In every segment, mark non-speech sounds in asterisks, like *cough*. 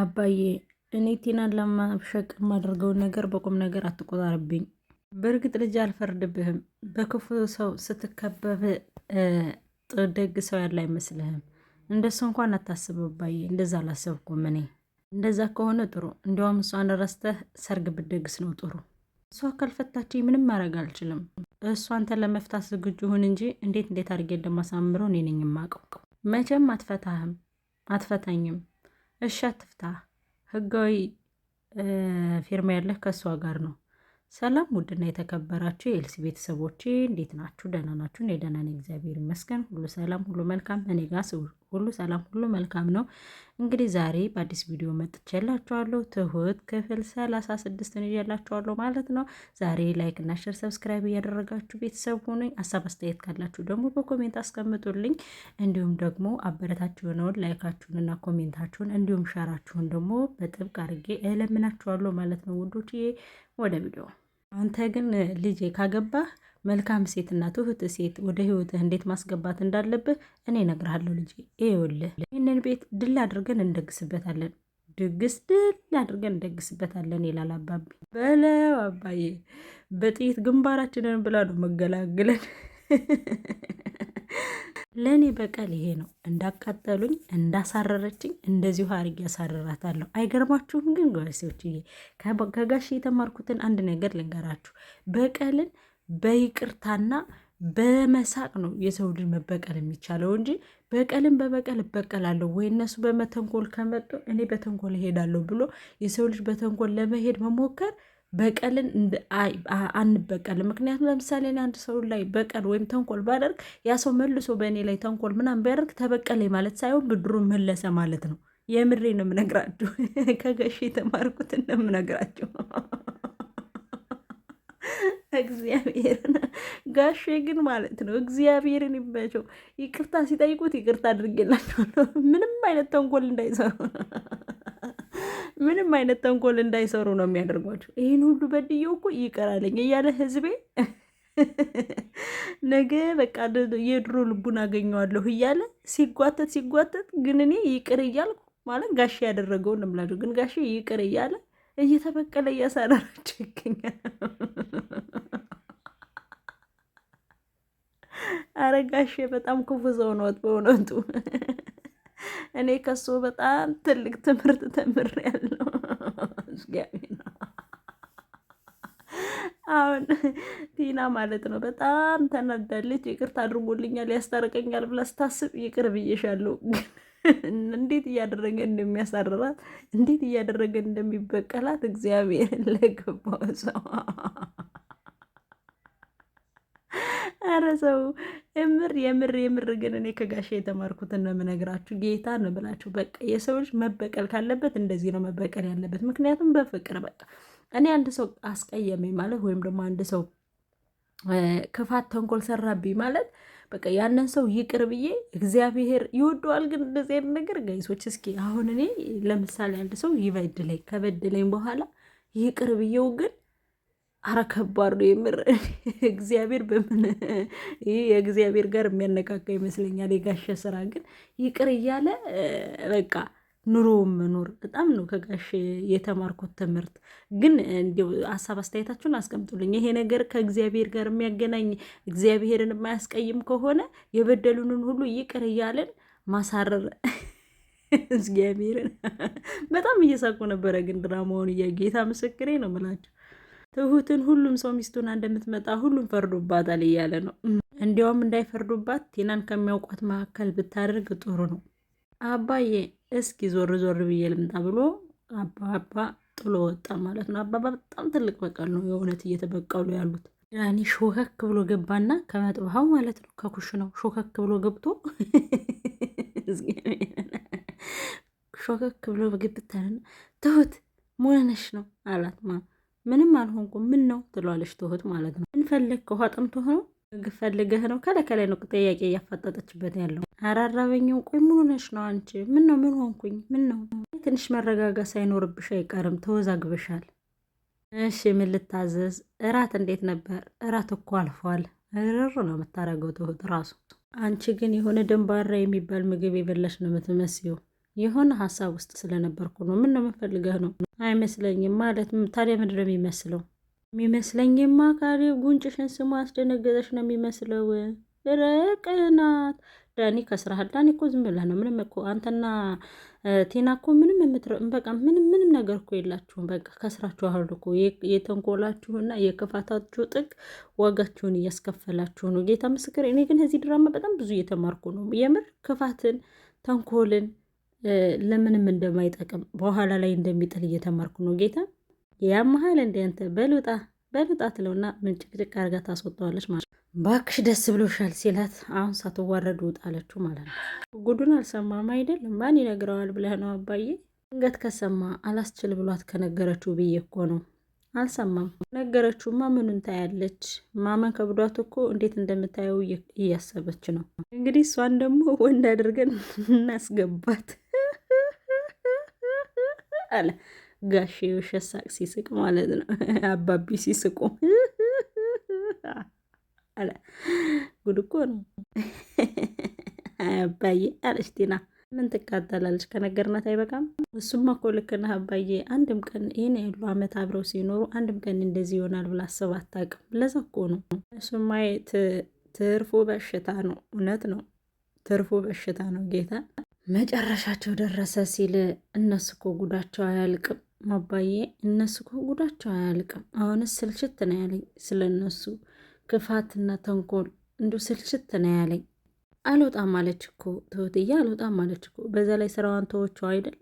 አባዬ እኔ ቲናን ለማብሸቅ የማደርገውን ነገር በቁም ነገር አትቆጣርብኝ። በእርግጥ ልጅ አልፈርድብህም። በክፉ ሰው ስትከበብ ደግ ሰው ያለ አይመስልህም። እንደሱ እንኳን አታስብ አባዬ። እንደዛ አላሰብኩም እኔ። እንደዛ ከሆነ ጥሩ። እንዲያውም እሷን ረስተህ ሰርግ ብደግስ ነው ጥሩ። እሷ ካልፈታችኝ ምንም ማድረግ አልችልም። እሷንተ አንተ ለመፍታት ዝግጁ ሁን እንጂ እንዴት እንዴት አድርጌ እንደማሳምረው እኔ ነኝ የማውቀው። መቼም አትፈታህም፣ አትፈታኝም እሺ አትፍታ፣ ህጋዊ ፊርማ ያለህ ከእሷ ጋር ነው። ሰላም ውድና የተከበራችሁ የኤልሲ ቤተሰቦቼ እንዴት ናችሁ? ደህና ናችሁን? እኔ ነኝ፣ እግዚአብሔር ይመስገን። ሁሉ ሰላም፣ ሁሉ መልካም። እኔ ጋር ስውር ሁሉ ሰላም፣ ሁሉ መልካም ነው። እንግዲህ ዛሬ በአዲስ ቪዲዮ መጥቼላችኋለሁ። ትሁት ክፍል ሰላሳ ስድስትን ይዤላችኋለሁ ማለት ነው። ዛሬ ላይክ እና ሸር፣ ሰብስክራይብ እያደረጋችሁ ቤተሰብ ሆኑኝ። ሀሳብ አስተያየት ካላችሁ ደግሞ በኮሜንት አስቀምጡልኝ። እንዲሁም ደግሞ አበረታችሁ የሆነውን ላይካችሁን እና ኮሜንታችሁን እንዲሁም ሸራችሁን ደግሞ በጥብቅ አድርጌ እለምናችኋለሁ ማለት ነው ውዶችዬ። ወደ ቪዲዮ አንተ ግን ልጄ ካገባህ መልካም ሴትና ትሁት ሴት ወደ ህይወትህ እንዴት ማስገባት እንዳለብህ እኔ እነግርሃለሁ ልጅ ይኸውልህ ይህንን ቤት ድል አድርገን እንደግስበታለን፣ ድግስ ድል አድርገን እንደግስበታለን ይላል አባቢ። በለው አባዬ፣ በጥይት ግንባራችንን ብላ ነው መገላግለን። ለእኔ በቀል ይሄ ነው። እንዳቃጠሉኝ እንዳሳረረችኝ እንደዚሁ አርጌ ያሳረራታለሁ። አይገርማችሁም? ግን ጓሴዎችዬ ከጋሽ የተማርኩትን አንድ ነገር ልንገራችሁ። በቀልን በይቅርታና በመሳቅ ነው የሰው ልጅ መበቀል የሚቻለው እንጂ በቀልን በበቀል እበቀላለሁ ወይ እነሱ በመተንኮል ከመጡ እኔ በተንኮል እሄዳለሁ ብሎ የሰው ልጅ በተንኮል ለመሄድ መሞከር በቀልን አንበቀልም። ምክንያቱም ለምሳሌ አንድ ሰው ላይ በቀል ወይም ተንኮል ባደርግ ያ ሰው መልሶ በእኔ ላይ ተንኮል ምናምን ቢያደርግ ተበቀለ ማለት ሳይሆን ብድሩ መለሰ ማለት ነው። የምሬ ነው የምነግራችሁ፣ *laughs* ከገሽ የተማርኩት እንደምነግራችሁ *laughs* እግዚአብሔርን ጋሼ ግን ማለት ነው እግዚአብሔርን ይመቸው። ይቅርታ ሲጠይቁት ይቅርታ አድርጌላቸው ምንም አይነት ተንኮል እንዳይሰሩ *laughs* ምንም አይነት ተንኮል እንዳይሰሩ ነው የሚያደርጓቸው። ይህን ሁሉ በድየው እኮ ይቀራለኝ እያለ ህዝቤ *laughs* ነገ በቃ የድሮ ልቡን አገኘዋለሁ እያለ ሲጓተት ሲጓተት፣ ግን እኔ ይቅር እያልኩ ማለት ጋሼ ያደረገውን እምላቸው፣ ግን ጋሼ ይቅር እያለ እየተበቀለ እያሳረራቸው ይገኛል። *laughs* አረጋሽ በጣም ክፉ ሰው ነዎት በእውነቱ። እኔ ከሱ በጣም ትልቅ ትምህርት ተምሬያለሁ። አሁን ቲና ማለት ነው በጣም ተናዳለች። ይቅርታ አድርጎልኛል ያስታርቀኛል ብላ ስታስብ ይቅር ብዬሻለሁ እንዴት እያደረገ እንደሚያሳርራት እንዴት እያደረገ እንደሚበቀላት እግዚአብሔር ለገባው ሰው ያረሰው የምር የምር የምር ግን እኔ ከጋሻ የተማርኩትን ነው የምነግራችሁ። ጌታ ነው ብላችሁ በቃ የሰው ልጅ መበቀል ካለበት እንደዚህ ነው መበቀል ያለበት። ምክንያቱም በፍቅር በቃ እኔ አንድ ሰው አስቀየመኝ ማለት ወይም ደግሞ አንድ ሰው ክፋት፣ ተንኮል ሰራብኝ ማለት በቃ ያንን ሰው ይቅር ብዬ እግዚአብሔር ይወደዋል። ግን እንደዚህ አይነት ነገር ጋይሶች፣ እስኪ አሁን እኔ ለምሳሌ አንድ ሰው ይበድለኝ ከበድለኝ በኋላ ይቅር ብዬው ግን አረ ከባድ ነው የምር። እግዚአብሔር በምን ይህ የእግዚአብሔር ጋር የሚያነካካ ይመስለኛል። የጋሸ ስራ ግን ይቅር እያለ በቃ ኑሮውን መኖር በጣም ነው ከጋሽ የተማርኩት ትምህርት። ግን እንዲያው ሀሳብ አስተያየታችሁን አስቀምጡልኝ። ይሄ ነገር ከእግዚአብሔር ጋር የሚያገናኝ እግዚአብሔርን የማያስቀይም ከሆነ የበደሉንን ሁሉ ይቅር እያለን ማሳረር እግዚአብሔርን በጣም እየሳቁ ነበረ። ግን ድራማውን እያየ ጌታ ምስክሬ ነው ምላቸው። ትሁትን ሁሉም ሰው ሚስቱና እንደምትመጣ ሁሉም ፈርዶባታል እያለ ነው። እንዲያውም እንዳይፈርዱባት ቲናን ከሚያውቋት መካከል ብታደርግ ጥሩ ነው። አባዬ እስኪ ዞር ዞር ብዬ ልምጣ ብሎ አባባ ጥሎ ወጣ ማለት ነው። አባባ በጣም ትልቅ በቀል ነው የእውነት እየተበቀሉ ያሉት። ያኔ ሾከክ ብሎ ገባና ከመጥበሃው ማለት ነው ከኩሽ ነው ሾከክ ብሎ ገብቶ *laughs* ሾከክ ብሎ ግብታለና ትሁት ሙነነሽ ነው አላት ማለት ምንም አልሆንኩም፣ ምን ነው ትሏለች ትሁት ማለት ነው። ምን ፈልግ ከውሃ ጠምቶህ ነው ምግብ ፈልገህ ነው ከለከላይ ነው ጥያቄ እያፋጠጠችበት ያለው አራራበኛው። ቆይ ምን ሆነሽ ነው አንቺ? ምን ነው ምን ሆንኩኝ? ምን ነው ትንሽ መረጋጋት ሳይኖርብሽ አይቀርም፣ ተወዛግበሻል። እሺ ምን ልታዘዝ? እራት እንዴት ነበር? እራት እኮ አልፏል። ርር ነው የምታደርገው ትሁት ራሱ። አንቺ ግን የሆነ ደንባራ የሚባል ምግብ የበላሽ ነው የምትመስየው። የሆነ ሀሳብ ውስጥ ስለነበርኩ ነው። ምን ነው የምፈልገህ ነው? አይመስለኝም ማለት ታዲያ ምንድን ነው የሚመስለው? የሚመስለኝማ ካሌ ጉንጭሽን ስሙ አስደነገጠሽ ነው የሚመስለው። ረቅናት ዳኒ ከስራሃል። ዳኒ እኮ ዝም ብለህ ነው ምንም እኮ አንተና ቴና እኮ ምንም በቃ ምንም ምንም ነገር እኮ የላችሁም። በቃ ከስራችሁ አሉ እኮ የተንኮላችሁና የክፋታችሁ ጥግ ዋጋችሁን እያስከፈላችሁ ነው። ጌታ ምስክር። እኔ ግን እዚህ ድራማ በጣም ብዙ እየተማርኩ ነው የምር ክፋትን፣ ተንኮልን ለምንም እንደማይጠቅም በኋላ ላይ እንደሚጥል እየተማርኩ ነው። ጌታ ያመሃል እንደ አንተ በልውጣ በልውጣ ትለውና ምን ጭቅጭቅ አርጋ ታስወጥተዋለች ማለት ነው። ባክሽ ደስ ብሎሻል ሲላት አሁን ሳትዋረድ ውጣ አለችው ማለት ነው። ጉዱን አልሰማም አይደል? ማን ይነግረዋል ብለህ ነው አባዬ? ድንገት ከሰማ አላስችል ብሏት ከነገረችው ብዬ እኮ ነው። አልሰማም። ነገረችውማ ምኑን ታያለች? ማመን ከብዷት እኮ እንዴት እንደምታየው እያሰበች ነው። እንግዲህ እሷን ደግሞ ወንድ አድርገን *laughs* እናስገባት። አለ ጋሼ ውሸት ሳቅ ሲስቅ ማለት ነው። *laughs* አባቢ ሲስቁ *laughs* አለ ጉድ እኮ ነው *laughs* አባዬ አለች ቲና። ምን ትቃጠላለች? ከነገርናት አይበቃም። እሱማ እኮ ልክ ነህ አባዬ። አንድም ቀን ይህን ያሉ አመት አብረው ሲኖሩ አንድም ቀን እንደዚህ ይሆናል ብላ አስብ አታውቅም። ለዛ እኮ ነው እሱማ ትርፉ በሽታ ነው። እውነት ነው፣ ትርፎ በሽታ ነው ጌታ መጨረሻቸው ደረሰ ሲል እነሱ እኮ ጉዳቸው አያልቅም አባዬ፣ እነሱ እኮ ጉዳቸው አያልቅም። አሁንስ ስልችት ነው ያለኝ ስለ እነሱ ክፋትና ተንኮል እንዲሁ ስልችት ነው ያለኝ። አልወጣም አለች እኮ ትሁትዬ፣ አልወጣም አለች እኮ። በዛ ላይ ስራዋን ተወችው አይደል?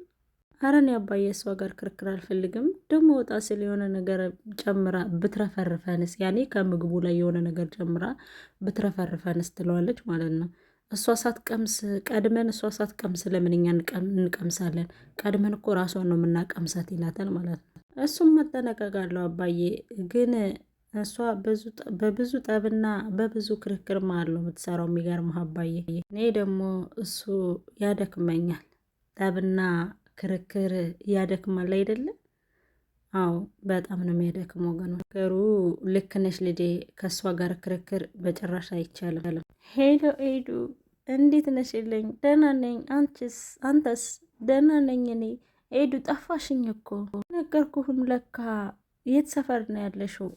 አረን አባዬ፣ እሷ ጋር ክርክር አልፈልግም። ደግሞ ወጣ ስል የሆነ ነገር ጨምራ ብትረፈርፈንስ፣ ያኔ ከምግቡ ላይ የሆነ ነገር ጨምራ ብትረፈርፈንስ ትለዋለች ማለት ነው። እሷ ሳትቀምስ ቀድመን እሷ ሳትቀምስ ለምን እኛ እንቀምሳለን? ቀድመን እኮ ራሷን ነው የምናቀምሳት ይላታል ማለት ነው። እሱም መጠነቀቅ አለው አባዬ ግን እሷ በብዙ ጠብና በብዙ ክርክር መሀል ነው የምትሰራው። የሚገርምህ አባዬ እኔ ደግሞ እሱ ያደክመኛል፣ ጠብና ክርክር ያደክማል አይደለም አዎ በጣም ነው የሚያደክመው ወገኖች። ነገሩ ልክ ነሽ ልጄ፣ ከእሷ ጋር ክርክር በጭራሽ አይቻልም። ሄሎ ኤዱ እንዴት ነሽልኝ? ደህና ነኝ። አንቺስ? አንተስ? ደህና ነኝ እኔ። ኤዱ ጠፋሽኝ እኮ ነገርኩህም ለካ። የት ሰፈር ነው ያለሽው?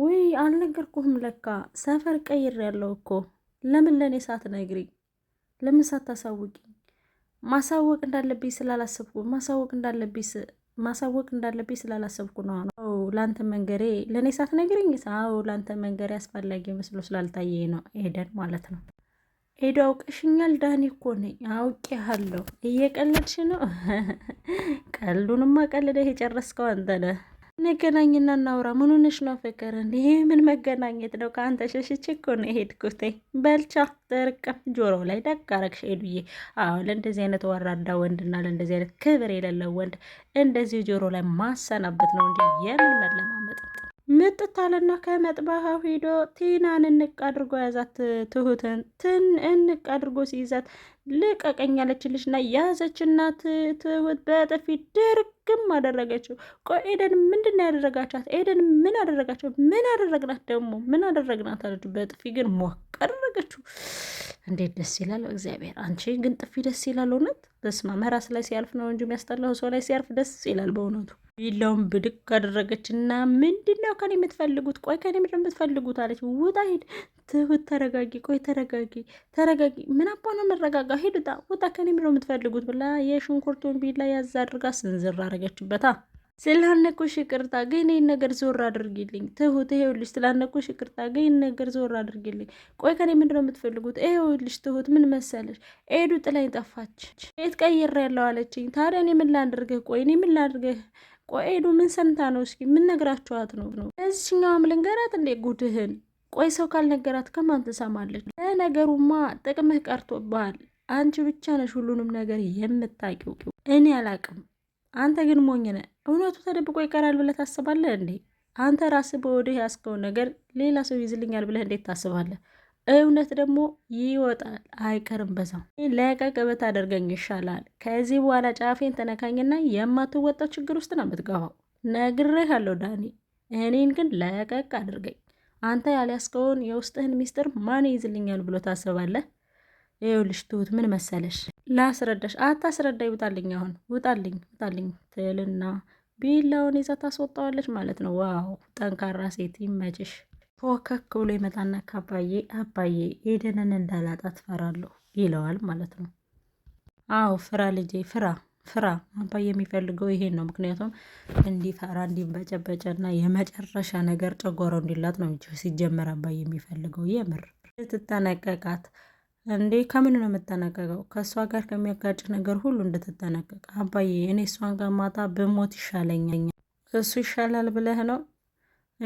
ውይ አልነገርኩህም ለካ ሰፈር ቀይር ያለው እኮ። ለምን ለእኔ ሳትነግሪኝ? ለምን ሳታሳውቂኝ? ማሳወቅ እንዳለብኝ ስላላሰብኩ ማሳወቅ እንዳለብኝ ማሳወቅ እንዳለብኝ ስላላሰብኩ ነው። አዎ ለአንተ መንገሬ ለእኔ ሳትነግሪኝ፣ አዎ ለአንተ መንገሬ አስፈላጊ መስሎ ስላልታየ ነው። ኤደን ማለት ነው። ኤዶ አውቀሽኛል፣ ዳኒ እኮ ነኝ። አውቄሃለሁ። እየቀለድሽ ነው። *laughs* ቀልዱንማ ቀልደህ የጨረስከው አንተ ነህ። እንገናኝና እናውራ። ምን ሆነሽ ነው ፍቅር? እንዲህ ምን መገናኘት ነው? ከአንተ ሸሽቼ እኮ ነው የሄድኩት። በልቻ ጥርቅም ጆሮ ላይ ደቅ አረግሽ ሄዱዬ። አዎ ለእንደዚህ አይነት ወራዳ ወንድና ለእንደዚህ አይነት ክብር የሌለው ወንድ እንደዚህ ጆሮ ላይ ማሰናበት ነው እንጂ የምን መለማመጥ ምጥታለና ከመጥባህ ሂዶ ቲናን እንቅ አድርጎ ያዛት። ትሁትን ትን እንቅ አድርጎ ሲይዛት ልቀቀኝ ያለችልሽና ያዘችና ትሁት በጥፊ ድርግም አደረገችው። ቆይ ኤደን ምንድን ነው ያደረጋቻት? ኤደን ምን አደረጋቸው? ምን አደረግናት ደግሞ ምን አደረግናት አለች። በጥፊ ግን ሞቅ አደረገችው። እንዴት ደስ ይላል እግዚአብሔር። አንቺ ግን ጥፊ ደስ ይላል እውነት። በስመ መራስ ላይ ሲያልፍ ነው እንጂ የሚያስጠላው ሰው ላይ ሲያልፍ ደስ ይላል በእውነቱ። ቢላውን ብድግ ካደረገች እና ምንድን ነው ከኔ የምትፈልጉት? ቆይ ከኔ ምድ የምትፈልጉት አለች። ውጣ ሂድ፣ ትሁት ተረጋጊ፣ ቆይ ተረጋጊ፣ ተረጋጊ። ምን አባ ነው መረጋጋ? ሂድ ውጣ፣ ውጣ፣ ከኔ ምድ የምትፈልጉት ብላ የሽንኩርቱን ቢላ ያዝ አድርጋ ስንዝር አረገችበታ። ስላነኩሽ ይቅርታ፣ ግን ይህን ነገር ዞር አድርጊልኝ ትሁት። ይኸውልሽ ስላነኩሽ ይቅርታ፣ ግን ይህን ነገር ዞር አድርጊልኝ። ቆይ ከኔ ምንድን ነው የምትፈልጉት? ይኸውልሽ ትሁት፣ ምን መሰለሽ፣ ኤዱ ጥላኝ ጠፋች፣ ቤት ቀይሬያለሁ አለችኝ። ታዲያ እኔ ምን ላድርግህ? ቆይ እኔ ምን ላድርግህ? ቆይ ኤዱ ምን ሰምታ ነው? እስኪ ምን ነግራችኋት ነው ነው? እዚህኛውም ልንገራት እንዴ ጉድህን። ቆይ ሰው ካልነገራት ከማን ትሰማለች? ለነገሩማ ጥቅምህ ቀርቶብሃል። አንቺ ብቻ ነሽ ሁሉንም ነገር የምታውቂው፣ እኔ አላቅም። አንተ ግን ሞኝ ነህ። እውነቱ ተደብቆ ይቀራል ብለህ ታስባለህ እንዴ? አንተ ራስህ በወደህ ያስከውን ነገር ሌላ ሰው ይዝልኛል ብለህ እንዴት ታስባለህ? እውነት ደግሞ ይወጣል አይቀርም። በዛው ለቀቅ ብታደርገኝ ይሻላል። ከዚህ በኋላ ጫፌን ተነካኝና የማትወጣው ችግር ውስጥ ነው የምትገባው። አለው ዳኒ። እኔን ግን ለቀቅ አድርገኝ። አንተ ያልያስከውን የውስጥህን ሚስጥር ማን ይዝልኛል ብሎ ታስባለህ? ይኸውልሽ ትሁት ምን መሰለሽ ላስረዳሽ። አታስረዳይ ውጣልኝ፣ አሁን ውጣልኝ፣ ውጣልኝ ትልና ቢላውን ይዛ ታስወጣዋለች ማለት ነው። ዋው ጠንካራ ሴት ይመችሽ። ፎከክ ብሎ ይመጣና ካባዬ አባዬ ኤደንን እንዳላጣ ትፈራለሁ ይለዋል ማለት ነው። አዎ ፍራ ልጄ ፍራ ፍራ። አባዬ የሚፈልገው ይሄን ነው። ምክንያቱም እንዲፈራ እንዲበጨበጨና የመጨረሻ ነገር ጨጓራው እንዲላጥ ነው ሲጀመር አባዬ የሚፈልገው የምር ልትጠነቀቃት እንዴ ከምን ነው የምጠነቀቀው? ከእሷ ጋር ከሚያጋጭ ነገር ሁሉ እንድትጠነቀቅ። አባዬ እኔ እሷን ጋር ማታ ብሞት ይሻለኛል። እሱ ይሻላል ብለህ ነው?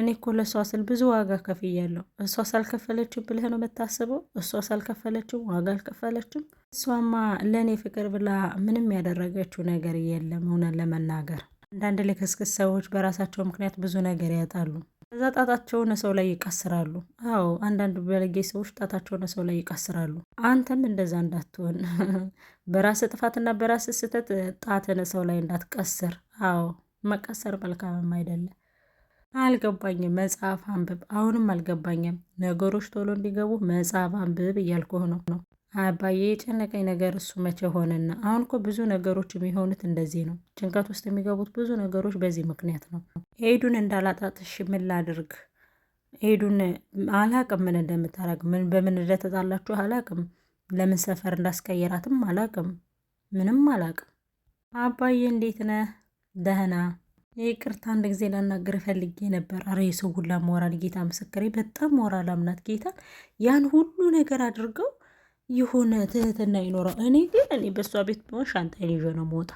እኔ እኮ ለእሷ ስል ብዙ ዋጋ ከፍያለሁ። እሷ ሳልከፈለችው ብለህ ነው የምታስበው? እሷ ሳልከፈለችው ዋጋ አልከፈለችም። እሷማ ለእኔ ፍቅር ብላ ምንም ያደረገችው ነገር የለም። እውነን ለመናገር አንዳንድ ልክስክስ ሰዎች በራሳቸው ምክንያት ብዙ ነገር ያጣሉ። እዛ ጣታቸውን ሰው ላይ ይቀስራሉ። አዎ አንዳንድ ባለጌ ሰዎች ጣታቸውን ሰው ላይ ይቀስራሉ። አንተም እንደዛ እንዳትሆን *laughs* በራስ ጥፋትና በራስ ስህተት ጣትን ሰው ላይ እንዳትቀስር። አዎ መቀሰር መልካምም አይደለም። አልገባኝም። መጽሐፍ አንብብ። አሁንም አልገባኝም። ነገሮች ቶሎ እንዲገቡ መጽሐፍ አንብብ እያልኩህ ነው ነው አባዬ የጨነቀኝ ነገር እሱ መቼ ሆነና? አሁን እኮ ብዙ ነገሮች የሚሆኑት እንደዚህ ነው። ጭንቀት ውስጥ የሚገቡት ብዙ ነገሮች በዚህ ምክንያት ነው። ኤዱን እንዳላጣጥሽ ምን ላድርግ? ኤዱን አላቅም፣ ምን እንደምታረግ ምን በምን እንደተጣላችሁ አላቅም። ለምን ሰፈር እንዳስቀየራትም አላቅም። ምንም አላቅም። አባዬ እንዴት ነህ? ደህና ይቅርታ አንድ ጊዜ ላናገር ፈልጌ ነበር። አረ የሰው ሁላ ሞራል ጌታ ምስክሬ፣ በጣም ሞራል አምናት ጌታ ያን ሁሉ ነገር አድርገው የሆነ ትህትና ይኖረው። እኔ ግን እኔ በእሷ ቤት ቢሆን ሻንጣ ይዤ ነው መውጣ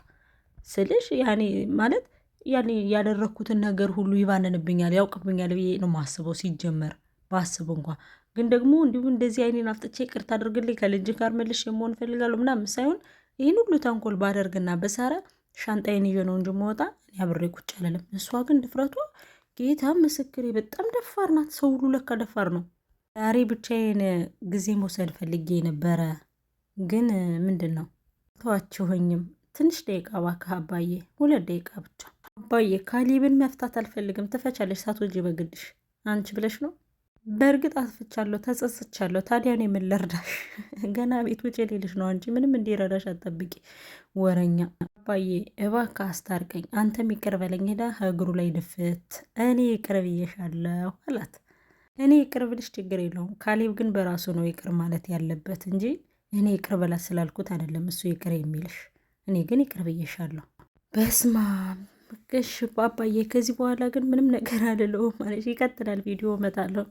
ስልሽ ያኔ ማለት ያኔ ያደረግኩትን ነገር ሁሉ ይባንንብኛል፣ ያውቅብኛል ብዬ ነው ማስበው። ሲጀመር ባስብ እንኳ ግን ደግሞ እንዲሁ እንደዚህ አይኔን አፍጥቼ ቅርታ አድርግልኝ ከልጅ ጋር መልሽ የመሆን እፈልጋለሁ ምናምን ሳይሆን ይህን ሁሉ ተንኮል ባደርግና በሳረ ሻንጣዬን ይዤ ነው እንጂ መወጣ እኔ አብሬ ቁጭ አልልም። እሷ ግን ድፍረቷ ጌታ ምስክሬ በጣም ደፋር ናት። ሰው ሁሉ ለካ ደፋር ነው። ዛሬ ብቻዬን ጊዜ መውሰድ ፈልጌ ነበረ፣ ግን ምንድን ነው ተዋችሁኝም። ትንሽ ደቂቃ እባክህ አባዬ፣ ሁለት ደቂቃ ብቻ አባዬ። ካሊብን መፍታት አልፈልግም። ትፈቻለሽ ሳትወጂ በግድሽ አንቺ ብለሽ ነው። በእርግጥ አስፍቻለሁ፣ ተጸጽቻለሁ። ታዲያ እኔ ምን ልርዳሽ? *laughs* ገና ቤት ውጭ ሌልሽ ነው አንቺ ምንም እንዲረዳሽ አጠብቂ። ወረኛ አባዬ፣ እባክህ አስታርቀኝ። አንተም ይቅር በለኝ። ሄዳ እግሩ ላይ ድፍት፣ እኔ ይቅር ብዬሻለሁ አላት። እኔ ይቅር ብልሽ ችግር የለውም። ካሌብ ግን በራሱ ነው ይቅር ማለት ያለበት እንጂ እኔ ይቅር በላት ስላልኩት አይደለም እሱ ይቅር የሚልሽ። እኔ ግን ይቅር ብዬሻለሁ። በስማ ገሽ ባባዬ፣ ከዚህ በኋላ ግን ምንም ነገር አልለውም ማለት ይቀጥላል። ቪዲዮ እመጣለሁ።